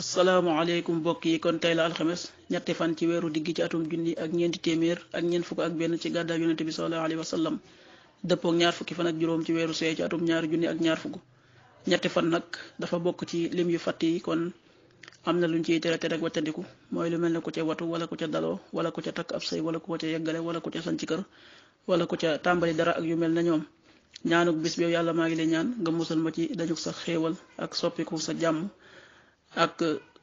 asalaamaaleykum mbokk yi kon tey la alxames ñetti fan ci weeru digg ci atum junni ak ñeenti téeméer ak ñeent fukk ak benn ci gàddaa yonente bi sallallahu alayhi wa sallam dëppook ñaar fukki fan ak juróom ci weeru see ci atum ñaari junni ak ñaar fukk ñetti fan nag dafa bokk ci lim yu fàtt yi kon am na luñ ciy tere tere ak wattandiku mooy lu mel ne ku ca watu wala ku ca daloo wala ku ca takk ab say wala ku ca yeggale wala ku ca sanc kër wala ku ca tàmbali dara ak yu mel na ñoom ñaanuk bis bi yàlla maa ngi lay ñaan nga musal ma ci dañu sa xéewal ak soppiku sa jàmm ak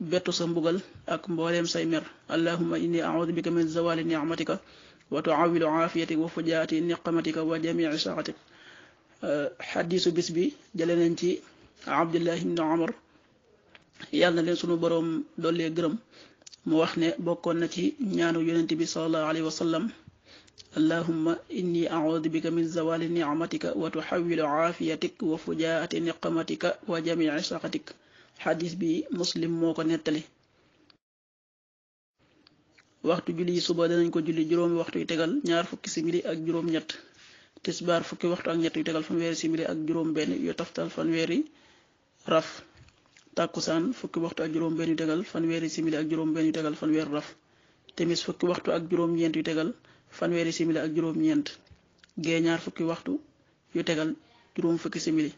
bettu sa mbugal ak mbolem say mer allahumma inni a'udhu bika min zawali ni'matika wa tu'awilu 'afiyatika wa fujati niqmatika wa jami'i sa'atik hadithu bisbi bi nañ ci abdullah ibn umar yàlla len sunu borom dole gërëm mu wax ne bokon na ci ñaanu yonent bi sallallahu alayhi wa sallam اللهم إني أعوذ بك من زوال نعمتك وتحول عافيتك وفجاءة نقمتك وجميع سخطك xadis bi muslim moo ko nettali waxtu julli yi suba danañ ko julli juróomi waxtu yu tegal ñaar fukki simili ak juróom ñett tisbaar fukki waxtu ak ñett tegal fanweeri simili ak juróom benn yu taftal fanweeri raf fukki waxtu ak juróom yu tegal fanweeri simili ak juróom benn yu tegal fanweeri raf timis fukki waxtu ak juróom ñeent yu tegal fanweeri simili ak juróom ñeent gee ñaar fukki waxtu yu tegal juróom fukki simili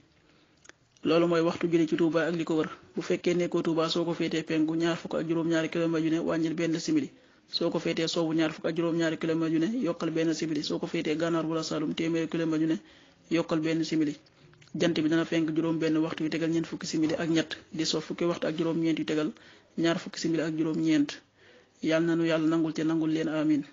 loolu mooy waxtu julli ci Touba ak li ko wër bu fekkee nekkoo Touba soo ko féetee penku ñaar fukk ak juróom-ñaari kilomètre yu ne wàññil benn simili soo ko féetee soobu ñaar fukk ak juróom-ñaari kilomètre yu ne yokkal benn simili soo ko féetee gànnaar wala Saalum téeméeri kilomètre yu ne yokkal benn simili jant bi dana fenk juróom benn waxtu yu tegal ñeent fukki simili ak ñett di soo fukki waxtu ak juróom-ñeent yu tegal ñaar fukki simili ak juróom-ñeent yàlla na nu yàlla nangul ci nangul leen amin